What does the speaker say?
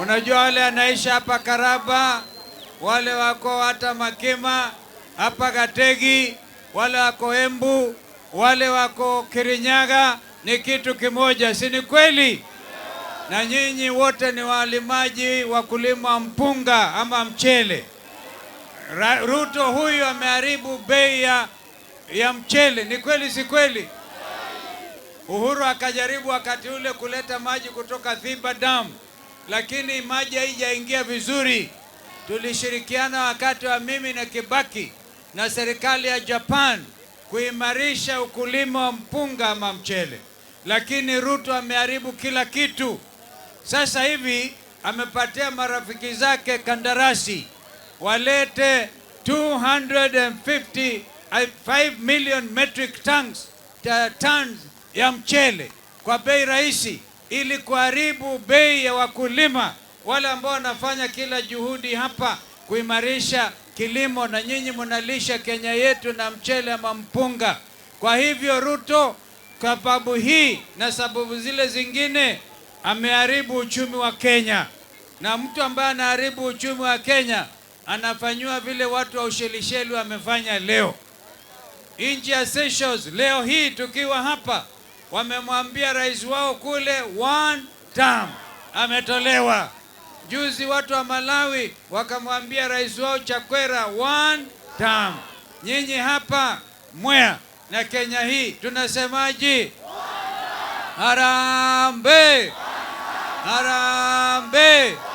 Unajua wale anaisha hapa Karaba, wale wako hata Makema hapa Gategi, wale wako Embu, wale wako Kirinyaga ni kitu kimoja, si ni kweli? Na nyinyi wote ni walimaji wa kulima mpunga ama mchele. Ruto huyu ameharibu bei ya, ya mchele, ni kweli si kweli? Uhuru akajaribu wakati ule kuleta maji kutoka Thiba Dam lakini maji haijaingia vizuri. Tulishirikiana wakati wa mimi na Kibaki na serikali ya Japan kuimarisha ukulima wa mpunga ama mchele, lakini Ruto ameharibu kila kitu. Sasa hivi amepatia marafiki zake kandarasi walete 255 million metric tons, tons ya mchele kwa bei rahisi ili kuharibu bei ya wakulima wale ambao wanafanya kila juhudi hapa kuimarisha kilimo, na nyinyi mnalisha Kenya yetu na mchele ama mpunga. Kwa hivyo Ruto, kwa sababu hii na sababu zile zingine, ameharibu uchumi wa Kenya, na mtu ambaye anaharibu uchumi wa Kenya anafanyiwa vile watu wa Ushelisheli wamefanya leo. Nchi ya Seychelles leo hii tukiwa hapa wamemwambia rais wao kule one term ametolewa. Juzi watu wa Malawi wakamwambia rais wao Chakwera one term. Nyinyi hapa Mwea na Kenya hii tunasemaje? Harambe, harambe!